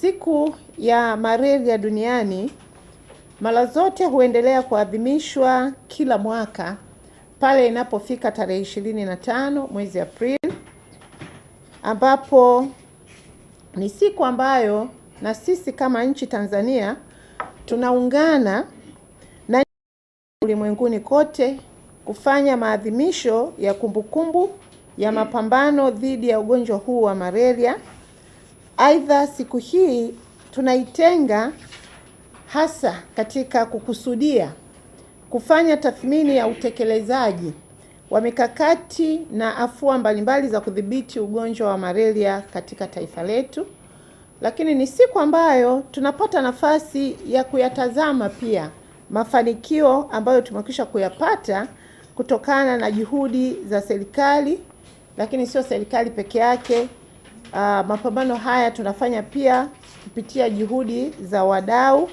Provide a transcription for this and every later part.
Siku ya Malaria Duniani mara zote huendelea kuadhimishwa kila mwaka pale inapofika tarehe ishirini na tano mwezi Aprili, ambapo ni siku ambayo na sisi kama nchi Tanzania tunaungana na ulimwenguni kote kufanya maadhimisho ya kumbukumbu ya mapambano dhidi ya ugonjwa huu wa malaria. Aidha, siku hii tunaitenga hasa katika kukusudia kufanya tathmini ya utekelezaji wa mikakati na afua mbalimbali za kudhibiti ugonjwa wa malaria katika taifa letu, lakini ni siku ambayo tunapata nafasi ya kuyatazama pia mafanikio ambayo tumekwisha kuyapata kutokana na juhudi za serikali, lakini sio serikali peke yake Uh, mapambano haya tunafanya pia kupitia juhudi za wadau,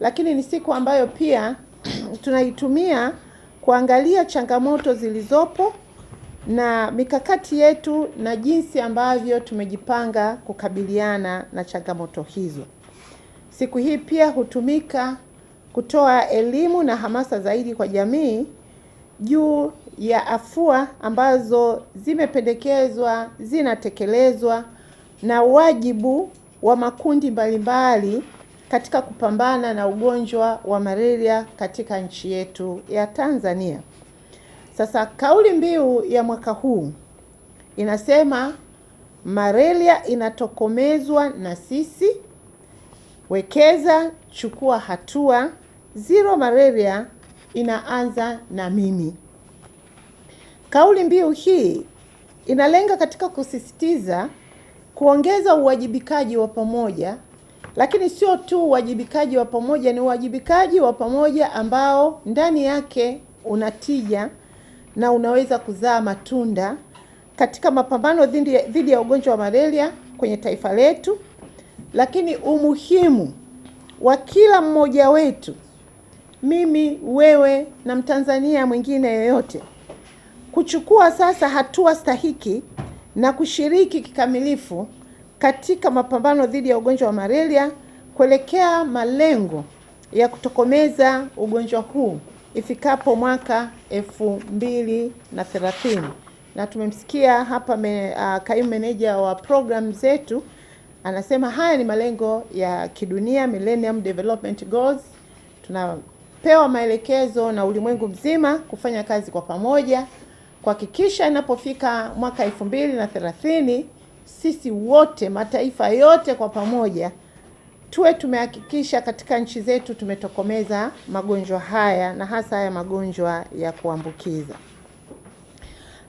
lakini ni siku ambayo pia tunaitumia kuangalia changamoto zilizopo na mikakati yetu na jinsi ambavyo tumejipanga kukabiliana na changamoto hizo. Siku hii pia hutumika kutoa elimu na hamasa zaidi kwa jamii juu ya afua ambazo zimependekezwa zinatekelezwa na wajibu wa makundi mbalimbali katika kupambana na ugonjwa wa malaria katika nchi yetu ya Tanzania. Sasa kauli mbiu ya mwaka huu inasema malaria inatokomezwa na sisi, wekeza, chukua hatua, zero malaria inaanza na mimi. Kauli mbiu hii inalenga katika kusisitiza kuongeza uwajibikaji wa pamoja, lakini sio tu uwajibikaji wa pamoja, ni uwajibikaji wa pamoja ambao ndani yake unatija na unaweza kuzaa matunda katika mapambano dhidi ya ugonjwa wa malaria kwenye taifa letu, lakini umuhimu wa kila mmoja wetu, mimi, wewe na Mtanzania mwingine yoyote kuchukua sasa hatua stahiki na kushiriki kikamilifu katika mapambano dhidi ya ugonjwa wa malaria kuelekea malengo ya kutokomeza ugonjwa huu ifikapo mwaka elfu mbili na thelathini. Na tumemsikia hapa me, uh, kaimu meneja wa programu zetu anasema haya ni malengo ya kidunia Millennium Development Goals. Tunapewa maelekezo na ulimwengu mzima kufanya kazi kwa pamoja kuhakikisha inapofika mwaka elfu mbili na thelathini sisi wote mataifa yote kwa pamoja tuwe tumehakikisha katika nchi zetu tumetokomeza magonjwa haya na hasa haya magonjwa ya kuambukiza.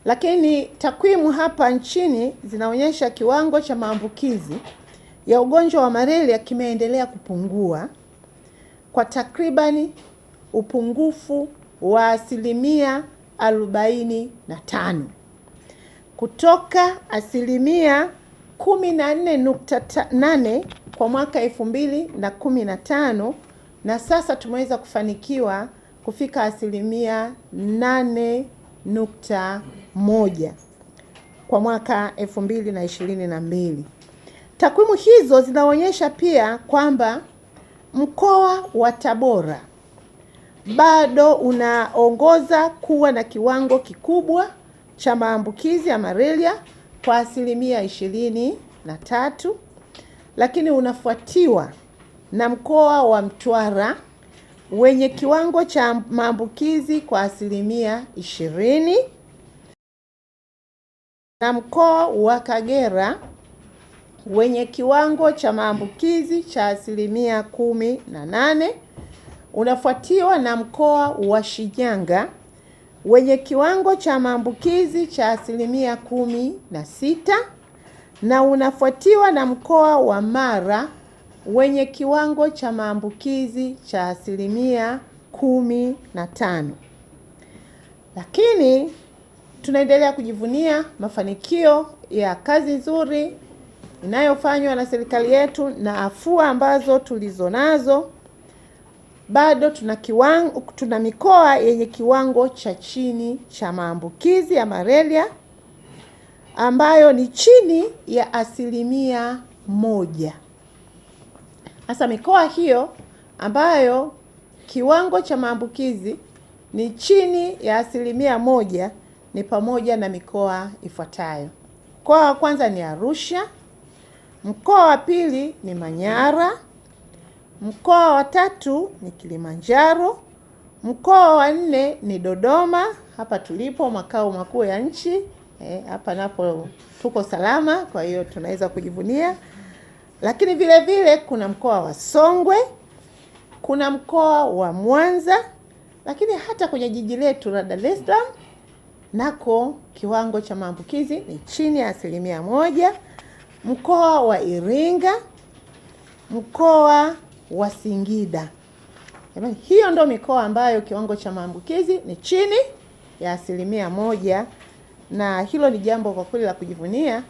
Lakini takwimu hapa nchini zinaonyesha kiwango cha maambukizi ya ugonjwa wa malaria kimeendelea kupungua kwa takribani upungufu wa asilimia arobaini na tano kutoka asilimia 14.8 kwa mwaka elfu mbili na kumi na tano na sasa tumeweza kufanikiwa kufika asilimia 8.1 kwa mwaka elfu mbili na ishirini na mbili. Takwimu hizo zinaonyesha pia kwamba mkoa wa Tabora bado unaongoza kuwa na kiwango kikubwa cha maambukizi ya malaria kwa asilimia ishirini na tatu, lakini unafuatiwa na mkoa wa Mtwara wenye kiwango cha maambukizi kwa asilimia ishirini na mkoa wa Kagera wenye kiwango cha maambukizi cha asilimia kumi na nane unafuatiwa na mkoa wa Shinyanga wenye kiwango cha maambukizi cha asilimia kumi na sita na unafuatiwa na mkoa wa Mara wenye kiwango cha maambukizi cha asilimia kumi na tano. Lakini tunaendelea kujivunia mafanikio ya kazi nzuri inayofanywa na serikali yetu na afua ambazo tulizonazo bado tuna kiwango, tuna mikoa yenye kiwango cha chini cha maambukizi ya malaria ambayo ni chini ya asilimia moja. sasa mikoa hiyo ambayo kiwango cha maambukizi ni chini ya asilimia moja ni pamoja na mikoa ifuatayo. Mkoa wa kwanza ni Arusha, mkoa wa pili ni Manyara Mkoa wa tatu ni Kilimanjaro. Mkoa wa nne ni Dodoma, hapa tulipo makao makuu ya nchi. E, hapa napo tuko salama, kwa hiyo tunaweza kujivunia. Lakini vile vile kuna mkoa wa Songwe, kuna mkoa wa Mwanza, lakini hata kwenye jiji letu la Dar es Salaam nako kiwango cha maambukizi ni chini ya asilimia moja. Mkoa wa Iringa, mkoa wa Singida. hiyo ndo mikoa ambayo kiwango cha maambukizi ni chini ya asilimia moja, na hilo ni jambo kwa kweli la kujivunia,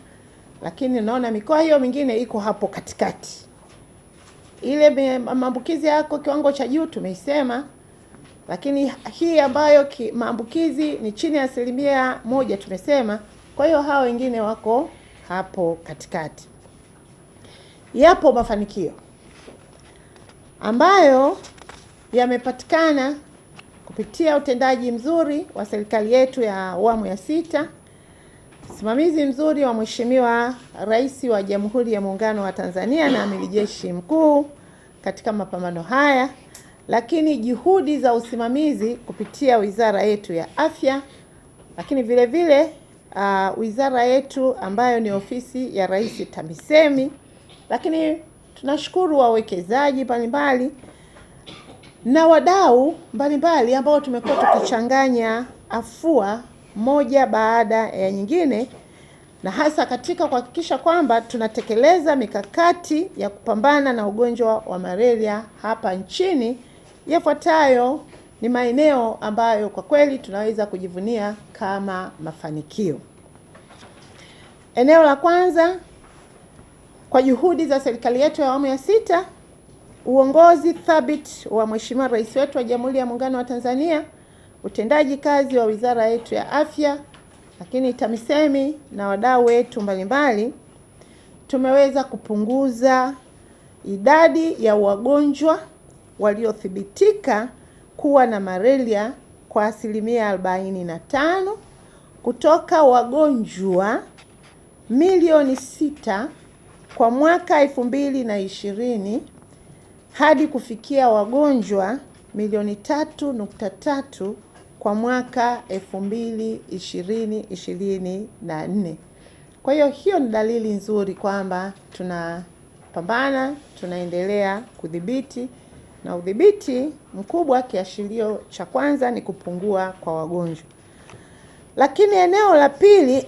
lakini naona mikoa hiyo mingine iko hapo katikati. Ile maambukizi yako kiwango cha juu tumeisema, lakini hii ambayo maambukizi ni chini ya asilimia moja tumesema. Kwa hiyo hao wengine wako hapo katikati. Yapo mafanikio ambayo yamepatikana kupitia utendaji mzuri wa serikali yetu ya awamu ya sita, usimamizi mzuri wa Mheshimiwa Rais wa Jamhuri ya Muungano wa Tanzania na Amiri Jeshi Mkuu katika mapambano haya, lakini juhudi za usimamizi kupitia wizara yetu ya afya, lakini vile vile uh, wizara yetu ambayo ni ofisi ya Rais TAMISEMI, lakini Tunashukuru wawekezaji mbalimbali na wadau mbalimbali ambao tumekuwa tukichanganya afua moja baada ya nyingine, na hasa katika kuhakikisha kwamba tunatekeleza mikakati ya kupambana na ugonjwa wa malaria hapa nchini. Yafuatayo ni maeneo ambayo kwa kweli tunaweza kujivunia kama mafanikio. Eneo la kwanza kwa juhudi za serikali yetu ya awamu ya sita, uongozi thabiti wa Mheshimiwa Rais wetu wa Jamhuri ya Muungano wa Tanzania, utendaji kazi wa wizara yetu ya afya, lakini TAMISEMI na wadau wetu mbalimbali, tumeweza kupunguza idadi ya wagonjwa waliothibitika kuwa na malaria kwa asilimia 45 kutoka wagonjwa milioni sita kwa mwaka elfu mbili na ishirini hadi kufikia wagonjwa milioni tatu nukta tatu kwa mwaka elfu mbili ishirini ishirini na nne. Kwa hiyo hiyo ni dalili nzuri kwamba tunapambana, tunaendelea kudhibiti, na udhibiti mkubwa, kiashirio cha kwanza ni kupungua kwa wagonjwa, lakini eneo la pili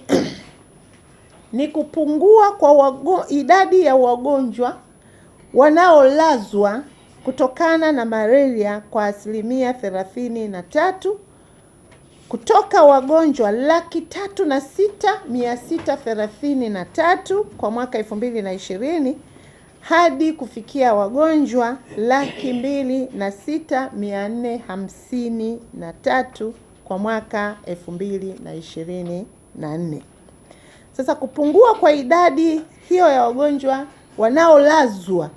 ni kupungua kwa wago, idadi ya wagonjwa wanaolazwa kutokana na malaria kwa asilimia thelathini na tatu kutoka wagonjwa laki tatu na sita mia sita thelathini na tatu kwa mwaka elfu mbili na ishirini hadi kufikia wagonjwa laki mbili na sita mia nne hamsini na tatu kwa mwaka elfu mbili na ishirini na nne. Sasa kupungua kwa idadi hiyo ya wagonjwa wanaolazwa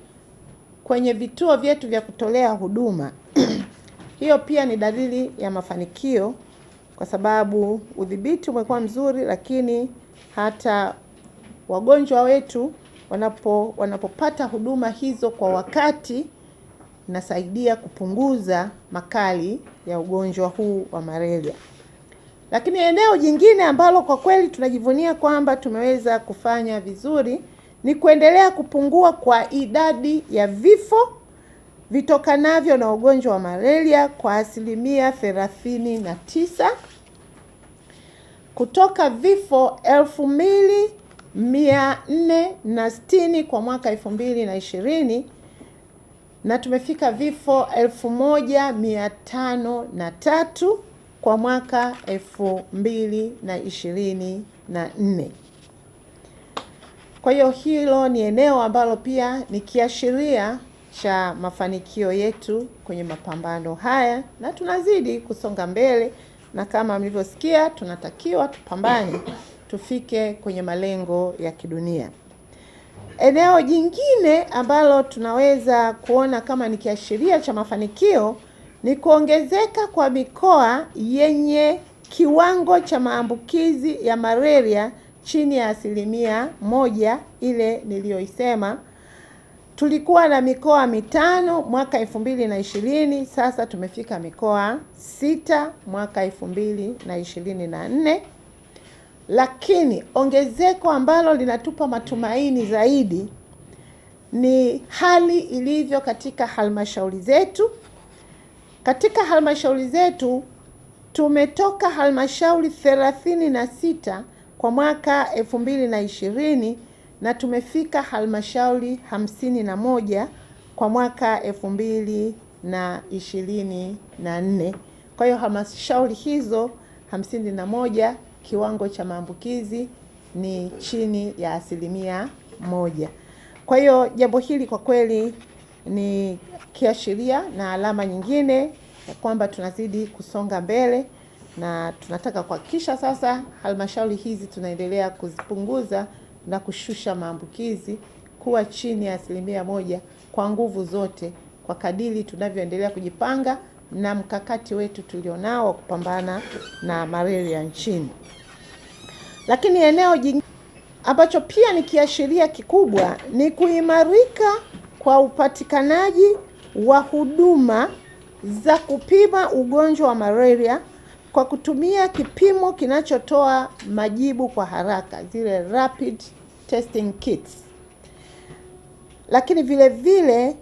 kwenye vituo vyetu vya kutolea huduma hiyo pia ni dalili ya mafanikio, kwa sababu udhibiti umekuwa mzuri, lakini hata wagonjwa wetu wanapo wanapopata huduma hizo kwa wakati, inasaidia kupunguza makali ya ugonjwa huu wa malaria. Lakini eneo jingine ambalo kwa kweli tunajivunia kwamba tumeweza kufanya vizuri ni kuendelea kupungua kwa idadi ya vifo vitokanavyo na ugonjwa wa malaria kwa asilimia thelathini na tisa kutoka vifo elfu mbili mia nne na sitini kwa mwaka elfu mbili na ishirini na tumefika vifo elfu moja mia tano na tatu kwa mwaka elfu mbili na ishirini na nne. Kwa hiyo hilo ni eneo ambalo pia ni kiashiria cha mafanikio yetu kwenye mapambano haya, na tunazidi kusonga mbele, na kama mlivyosikia, tunatakiwa tupambane tufike kwenye malengo ya kidunia. Eneo jingine ambalo tunaweza kuona kama ni kiashiria cha mafanikio ni kuongezeka kwa mikoa yenye kiwango cha maambukizi ya malaria chini ya asilimia moja, ile niliyoisema. Tulikuwa na mikoa mitano mwaka elfu mbili na ishirini, sasa tumefika mikoa sita mwaka elfu mbili na ishirini na nne. Lakini ongezeko ambalo linatupa matumaini zaidi ni hali ilivyo katika halmashauri zetu katika halmashauri zetu tumetoka halmashauri thelathini na sita kwa mwaka elfu mbili na ishirini na tumefika halmashauri hamsini na moja kwa mwaka elfu mbili na ishirini na nne. Kwa hiyo halmashauri hizo hamsini na moja kiwango cha maambukizi ni chini ya asilimia moja. Kwa hiyo jambo hili kwa kweli ni kiashiria na alama nyingine ya kwamba tunazidi kusonga mbele na tunataka kuhakikisha sasa halmashauri hizi tunaendelea kuzipunguza na kushusha maambukizi kuwa chini ya asilimia moja kwa nguvu zote, kwa kadiri tunavyoendelea kujipanga na mkakati wetu tulionao wa kupambana na malaria nchini. Lakini eneo jingine ambacho pia ni kiashiria kikubwa ni kuimarika kwa upatikanaji wa huduma za kupima ugonjwa wa malaria kwa kutumia kipimo kinachotoa majibu kwa haraka, zile rapid testing kits. Lakini vile vile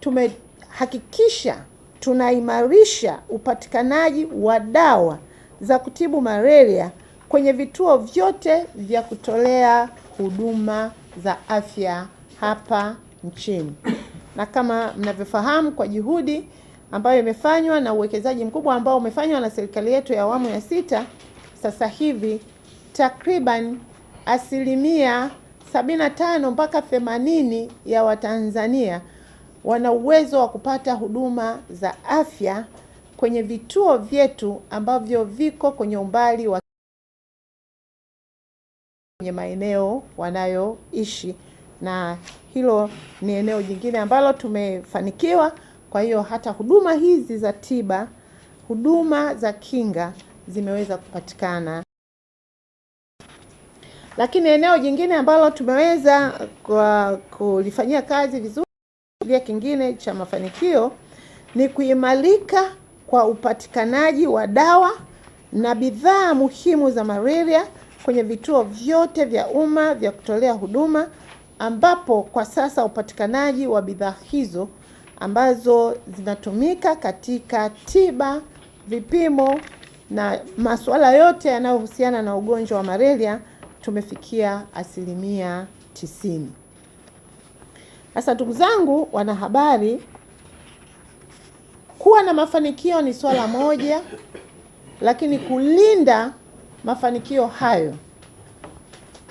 tumehakikisha tunaimarisha upatikanaji wa dawa za kutibu malaria kwenye vituo vyote vya kutolea huduma za afya hapa nchini na kama mnavyofahamu kwa juhudi ambayo imefanywa na uwekezaji mkubwa ambao umefanywa na serikali yetu ya awamu ya sita, sasa hivi takriban asilimia 75 mpaka 80 ya Watanzania wana uwezo wa kupata huduma za afya kwenye vituo vyetu ambavyo viko kwenye umbali wa kwenye maeneo wanayoishi na hilo ni eneo jingine ambalo tumefanikiwa. Kwa hiyo hata huduma hizi za tiba, huduma za kinga zimeweza kupatikana. Lakini eneo jingine ambalo tumeweza kwa kulifanyia kazi vizuri, kingine cha mafanikio ni kuimarika kwa upatikanaji wa dawa na bidhaa muhimu za malaria kwenye vituo vyote vya umma vya kutolea huduma ambapo kwa sasa upatikanaji wa bidhaa hizo ambazo zinatumika katika tiba, vipimo na masuala yote yanayohusiana na ugonjwa wa malaria tumefikia asilimia tisini. Sasa ndugu zangu wanahabari, kuwa na mafanikio ni swala moja, lakini kulinda mafanikio hayo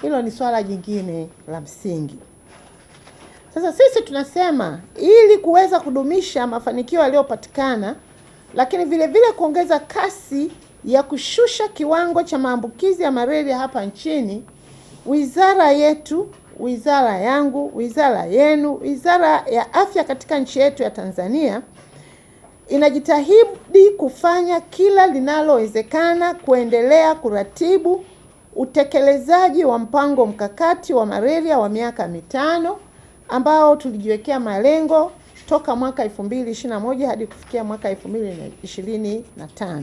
hilo ni swala jingine la msingi. Sasa sisi tunasema ili kuweza kudumisha mafanikio yaliyopatikana, lakini vile vile kuongeza kasi ya kushusha kiwango cha maambukizi ya malaria hapa nchini, wizara yetu, wizara yangu, wizara yenu, wizara ya afya katika nchi yetu ya Tanzania inajitahidi kufanya kila linalowezekana kuendelea kuratibu utekelezaji wa mpango mkakati wa malaria wa miaka mitano ambao tulijiwekea malengo toka mwaka 2021 hadi kufikia mwaka 2025.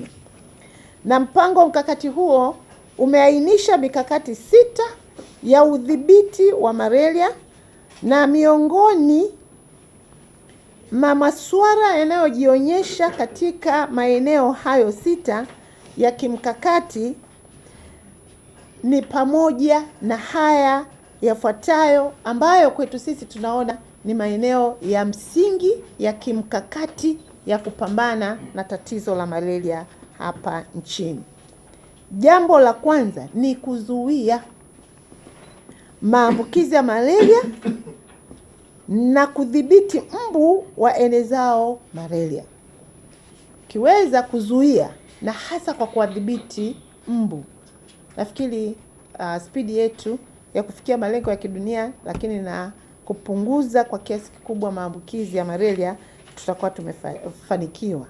Na mpango mkakati huo umeainisha mikakati sita ya udhibiti wa malaria na miongoni mwa masuala yanayojionyesha katika maeneo hayo sita ya kimkakati ni pamoja na haya yafuatayo ambayo kwetu sisi tunaona ni maeneo ya msingi ya kimkakati ya kupambana na tatizo la malaria hapa nchini. Jambo la kwanza ni kuzuia maambukizi ya malaria na kudhibiti mbu wa enezao malaria. Ukiweza kuzuia na hasa kwa kuwadhibiti mbu nafikiri uh, spidi yetu ya kufikia malengo ya kidunia, lakini na kupunguza kwa kiasi kikubwa maambukizi ya malaria tutakuwa tumefanikiwa.